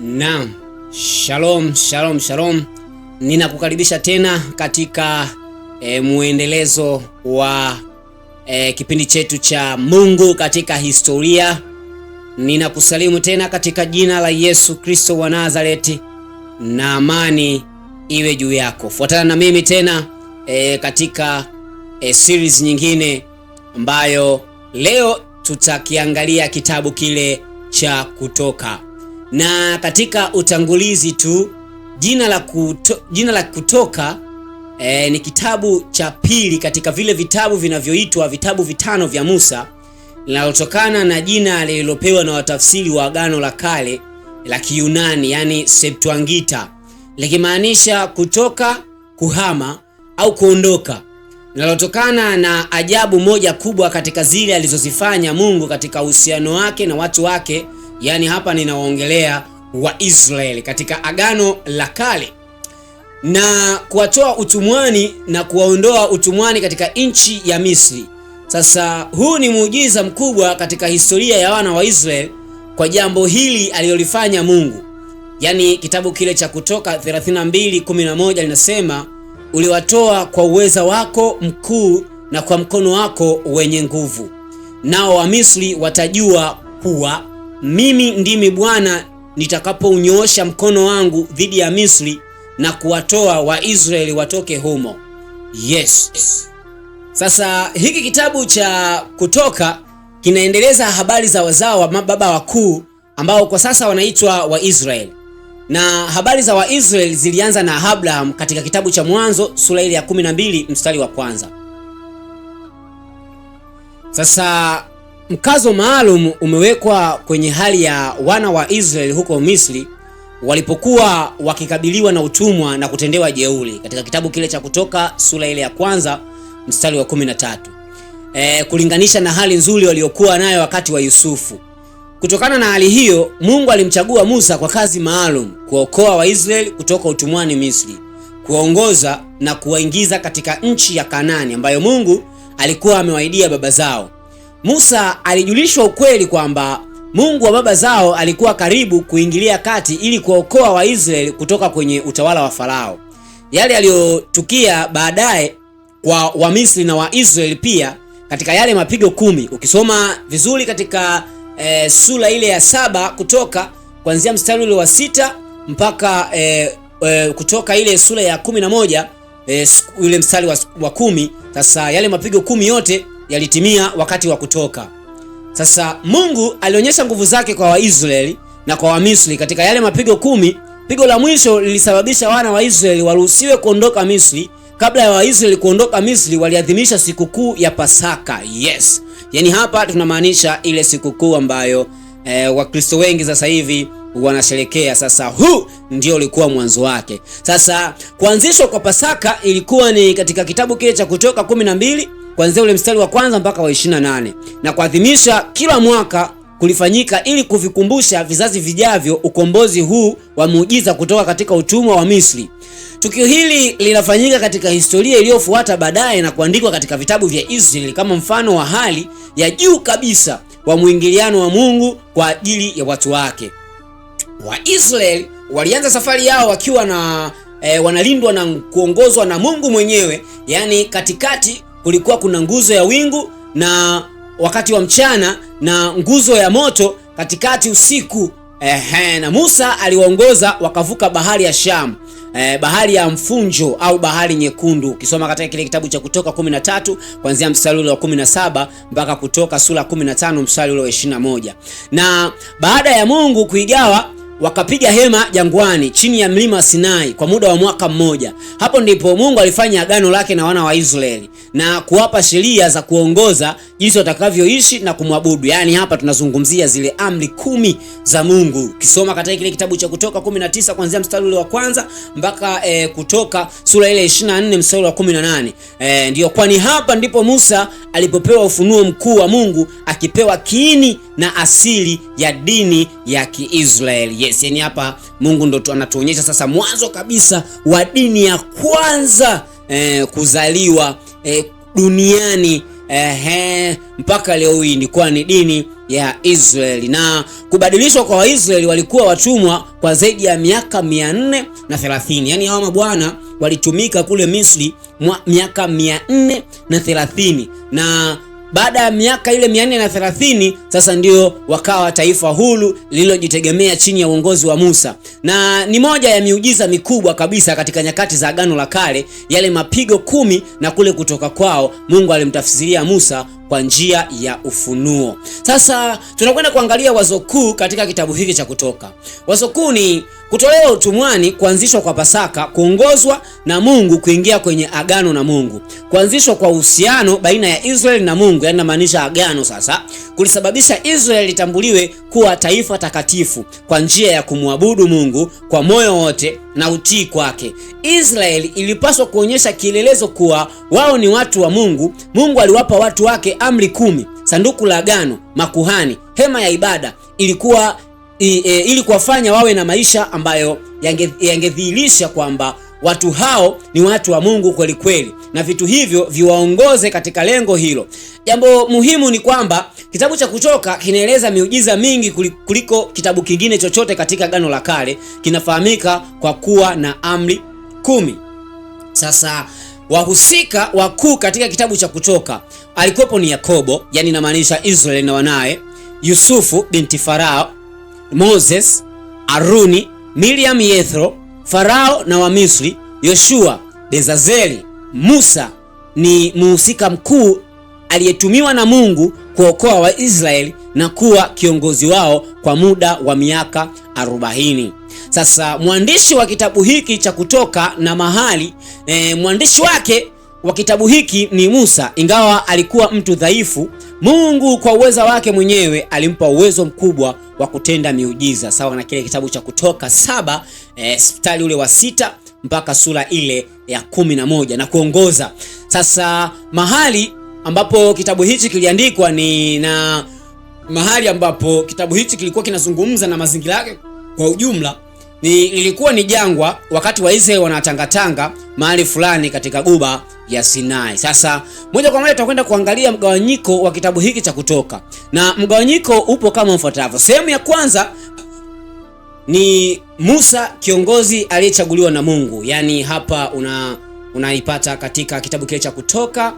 Naam, shalom shalom shalom, ninakukaribisha tena katika e, mwendelezo wa e, kipindi chetu cha Mungu katika historia. Ninakusalimu tena katika jina la Yesu Kristo wa Nazareti, na amani iwe juu yako. Fuatana na mimi tena e, katika e, series nyingine ambayo leo tutakiangalia kitabu kile cha Kutoka. Na katika utangulizi tu jina la, kuto, jina la Kutoka e, ni kitabu cha pili katika vile vitabu vinavyoitwa vitabu vitano vya Musa linalotokana na jina lililopewa na watafsiri wa Agano la Kale la Kiyunani yani Septuaginta likimaanisha kutoka, kuhama au kuondoka, linalotokana na ajabu moja kubwa katika zile alizozifanya Mungu katika uhusiano wake na watu wake Yaani hapa ninawaongelea Waisraeli katika Agano la Kale, na kuwatoa utumwani na kuwaondoa utumwani katika nchi ya Misri. Sasa huu ni muujiza mkubwa katika historia ya wana wa Israeli kwa jambo hili aliyolifanya Mungu. Yaani kitabu kile cha Kutoka 32:11 linasema uliwatoa kwa uweza wako mkuu na kwa mkono wako wenye nguvu, nao Wamisri watajua kuwa mimi ndimi Bwana nitakapounyoosha mkono wangu dhidi ya Misri na kuwatoa Waisraeli watoke humo. Yes. Sasa hiki kitabu cha Kutoka kinaendeleza habari za wazao wa mababa wakuu ambao kwa sasa wanaitwa Waisraeli, na habari za Waisraeli zilianza na Abraham katika kitabu cha Mwanzo sura ile ya 12 mstari wa kwanza. Sasa Mkazo maalum umewekwa kwenye hali ya wana wa Israeli huko Misri walipokuwa wakikabiliwa na utumwa na kutendewa jeuri katika kitabu kile cha Kutoka sura ile ya kwanza mstari wa kumi na tatu. E, kulinganisha na hali nzuri waliokuwa nayo wakati wa Yusufu. Kutokana na hali hiyo, Mungu alimchagua Musa kwa kazi maalum, kuokoa Waisraeli kutoka utumwani Misri, kuwaongoza na kuwaingiza katika nchi ya Kanaani ambayo Mungu alikuwa amewaidia baba zao. Musa alijulishwa ukweli kwamba Mungu wa baba zao alikuwa karibu kuingilia kati ili kuwaokoa Waisraeli kutoka kwenye utawala wa Farao. Yale yaliyotukia baadaye kwa Wamisri na Waisraeli pia katika yale mapigo kumi, ukisoma vizuri katika e, sura ile ya saba Kutoka kuanzia mstari ule wa sita mpaka e, e, Kutoka ile sura ya kumi na moja e, ule mstari wa, wa kumi. Sasa yale mapigo kumi yote yalitimia wakati wa kutoka. Sasa Mungu alionyesha nguvu zake kwa Waisraeli na kwa Wamisri katika yale mapigo kumi. Pigo la mwisho lilisababisha wana wa Israeli waruhusiwe kuondoka Misri. Kabla ya Waisraeli kuondoka Misri, waliadhimisha sikukuu ya Pasaka. Yes, yaani hapa tunamaanisha ile sikukuu ambayo e, Wakristo wengi sasa hivi wanasherekea. Sasa huu ndio ulikuwa mwanzo wake. Sasa kuanzishwa kwa Pasaka ilikuwa ni katika kitabu kile cha Kutoka kumi na mbili kuanzia ule mstari wa kwanza mpaka wa 28 na kuadhimisha kila mwaka kulifanyika ili kuvikumbusha vizazi vijavyo ukombozi huu wa muujiza kutoka katika utumwa wa Misri. Tukio hili linafanyika katika historia iliyofuata baadaye na kuandikwa katika vitabu vya Israeli kama mfano wa hali ya juu kabisa wa mwingiliano wa Mungu kwa ajili ya watu wake. Waisraeli walianza safari yao wakiwa na e, wanalindwa na kuongozwa na Mungu mwenyewe, yaani katikati kulikuwa kuna nguzo ya wingu na wakati wa mchana na nguzo ya moto katikati usiku. Ehe, na Musa aliwaongoza wakavuka bahari ya Shamu. Eh, bahari ya mfunjo au bahari nyekundu ukisoma katika kile kitabu cha Kutoka 13 kuanzia mstari ule wa 17 mpaka Kutoka sura 15 mstari ule wa 21. Na baada ya Mungu kuigawa Wakapiga hema jangwani chini ya mlima Sinai kwa muda wa mwaka mmoja. Hapo ndipo Mungu alifanya agano lake na wana wa Israeli na kuwapa sheria za kuongoza jinsi watakavyoishi na kumwabudu. Yaani hapa tunazungumzia zile amri kumi za Mungu. Ukisoma katika kile kitabu cha Kutoka 19 kuanzia mstari ule wa kwanza mpaka e, Kutoka sura ile 24 mstari wa 18. E, ndiyo kwani hapa ndipo Musa alipopewa ufunuo mkuu wa Mungu akipewa kiini na asili ya dini ya Kiisraeli. Yes. Yes, yani hapa Mungu ndo anatuonyesha sasa mwanzo kabisa wa dini ya kwanza eh, kuzaliwa eh, duniani eh, eh mpaka leo hii kwa ni dini ya Israeli na kubadilishwa kwa Waisraeli walikuwa watumwa kwa zaidi ya miaka mia na thelathini. yani hawa mabwana walitumika kule Misri miaka mia na thelathini na baada ya miaka ile 430 sasa ndio wakawa taifa huru lililojitegemea chini ya uongozi wa Musa, na ni moja ya miujiza mikubwa kabisa katika nyakati za Agano la Kale, yale mapigo kumi na kule kutoka kwao Mungu alimtafsiria Musa kwa njia ya ufunuo. Sasa tunakwenda kuangalia wazo kuu katika kitabu hiki cha Kutoka. Wazo kuu ni Kutolewa utumwani, kuanzishwa kwa Pasaka, kuongozwa na Mungu kuingia kwenye agano na Mungu, kuanzishwa kwa uhusiano baina ya Israeli na Mungu, yani namaanisha agano sasa, kulisababisha Israeli itambuliwe kuwa taifa takatifu kwa njia ya kumwabudu Mungu kwa moyo wote na utii kwake. Israeli ilipaswa kuonyesha kielelezo kuwa wao ni watu wa Mungu. Mungu aliwapa watu wake amri kumi, sanduku la agano, makuhani, hema ya ibada ilikuwa i, e, ili kuwafanya wawe na maisha ambayo yangedhihirisha yange kwamba watu hao ni watu wa Mungu kweli kweli, na vitu hivyo viwaongoze katika lengo hilo. Jambo muhimu ni kwamba kitabu cha Kutoka kinaeleza miujiza mingi kuliko kitabu kingine chochote katika Agano la Kale. Kinafahamika kwa kuwa na amri kumi. Sasa wahusika wakuu katika kitabu cha Kutoka alikuwepo ni Yakobo, yani inamaanisha Israeli na wanaye, Yusufu binti Farao Moses, Aruni, Miriam Yethro, Farao na Wamisri, Yoshua, Bezazeli, Musa ni muhusika mkuu aliyetumiwa na Mungu kuokoa Waisraeli na kuwa kiongozi wao kwa muda wa miaka arobaini. Sasa mwandishi wa kitabu hiki cha Kutoka na mahali e, mwandishi wake wa kitabu hiki ni Musa. Ingawa alikuwa mtu dhaifu, Mungu kwa uweza wake mwenyewe alimpa uwezo mkubwa wa kutenda miujiza, sawa na kile kitabu cha Kutoka saba eh, mstari ule wa sita mpaka sura ile ya kumi na moja na kuongoza. Sasa mahali ambapo kitabu hichi kiliandikwa ni na mahali ambapo kitabu hichi kilikuwa kinazungumza na mazingira yake kwa ujumla ni ilikuwa ni jangwa wakati Waisraeli wanatangatanga mahali fulani katika guba ya Sinai. Sasa moja kwa moja tutakwenda kuangalia mgawanyiko wa kitabu hiki cha Kutoka, na mgawanyiko upo kama ufuatavyo. Sehemu ya kwanza ni Musa kiongozi aliyechaguliwa na Mungu, yaani hapa una unaipata katika kitabu kile cha Kutoka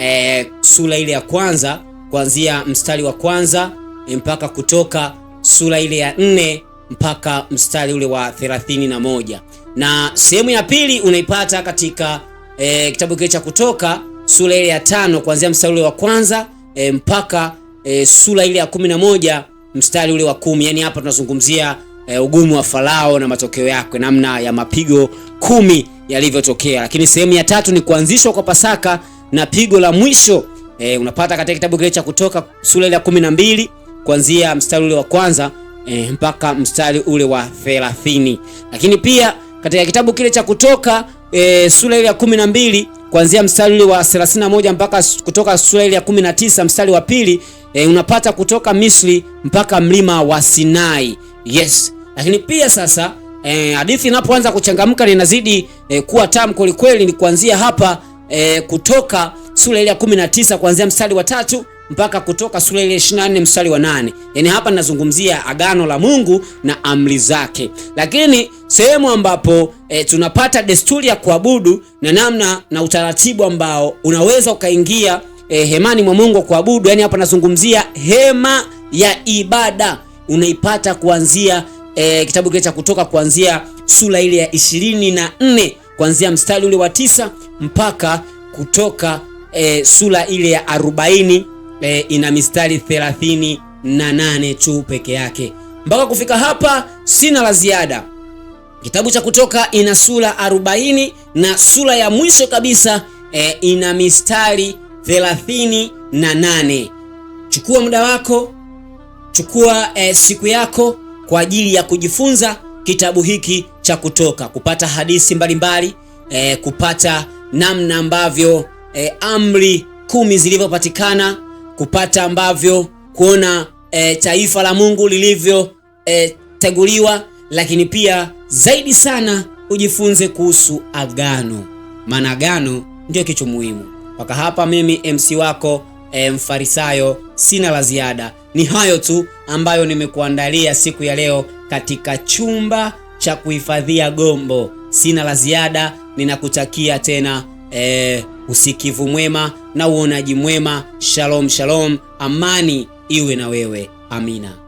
e, sura ile ya kwanza kuanzia mstari wa kwanza mpaka Kutoka sura ile ya nne mpaka mstari ule wa 31 na na sehemu ya pili unaipata katika e, kitabu kile cha Kutoka sura ile ya tano kuanzia mstari ule wa kwanza e, mpaka e, sura ile ya kumi na moja mstari ule wa kumi. Yani hapa tunazungumzia e, ugumu wa Farao na matokeo yake, namna ya mapigo kumi yalivyotokea. Lakini sehemu ya tatu ni kuanzishwa kwa Pasaka na pigo la mwisho e, unapata katika kitabu kile cha Kutoka sura ile ya kumi na mbili kuanzia mstari ule wa kwanza e, mpaka mstari ule wa 30. Lakini pia katika kitabu kile cha Kutoka e, sura ile ya 12 kuanzia mstari ule wa 31 mpaka Kutoka sura ile ya 19 mstari wa pili e, unapata kutoka Misri mpaka mlima wa Sinai. Yes, lakini pia sasa e, hadithi inapoanza kuchangamka linazidi e, kuwa tamu kwelikweli. Ni kuanzia hapa e, Kutoka sura ile ya 19 kuanzia mstari wa tatu mpaka Kutoka sura ile 24 mstari wa nane. Yaani hapa ninazungumzia agano la Mungu na amri zake, lakini sehemu ambapo e, tunapata desturi ya kuabudu na namna na utaratibu ambao unaweza ukaingia e, hemani mwa Mungu kuabudu, yaani hapa nazungumzia hema ya ibada unaipata kuanzia e, kitabu kile cha Kutoka kuanzia sura ile ya ishirini na nne kuanzia mstari ule wa tisa mpaka Kutoka e, sura ile ya arobaini e, ina mistari 38 na nane tu peke yake. Mpaka kufika hapa sina la ziada. Kitabu cha Kutoka ina sura 40 na sura ya mwisho kabisa e, ina mistari 38 na Chukua muda wako, chukua e, siku yako kwa ajili ya kujifunza kitabu hiki cha Kutoka, kupata hadithi mbalimbali e, kupata namna ambavyo e, amri kumi zilivyopatikana kupata ambavyo kuona e, taifa la Mungu lilivyoteguliwa e, lakini pia zaidi sana ujifunze kuhusu agano, maana agano ndio kitu muhimu. Mpaka hapa mimi MC wako e, Mfarisayo sina la ziada, ni hayo tu ambayo nimekuandalia siku ya leo katika chumba cha kuhifadhia gombo. Sina la ziada, ninakutakia tena e, usikivu mwema na uonaji mwema. Shalom shalom, amani iwe na wewe. Amina.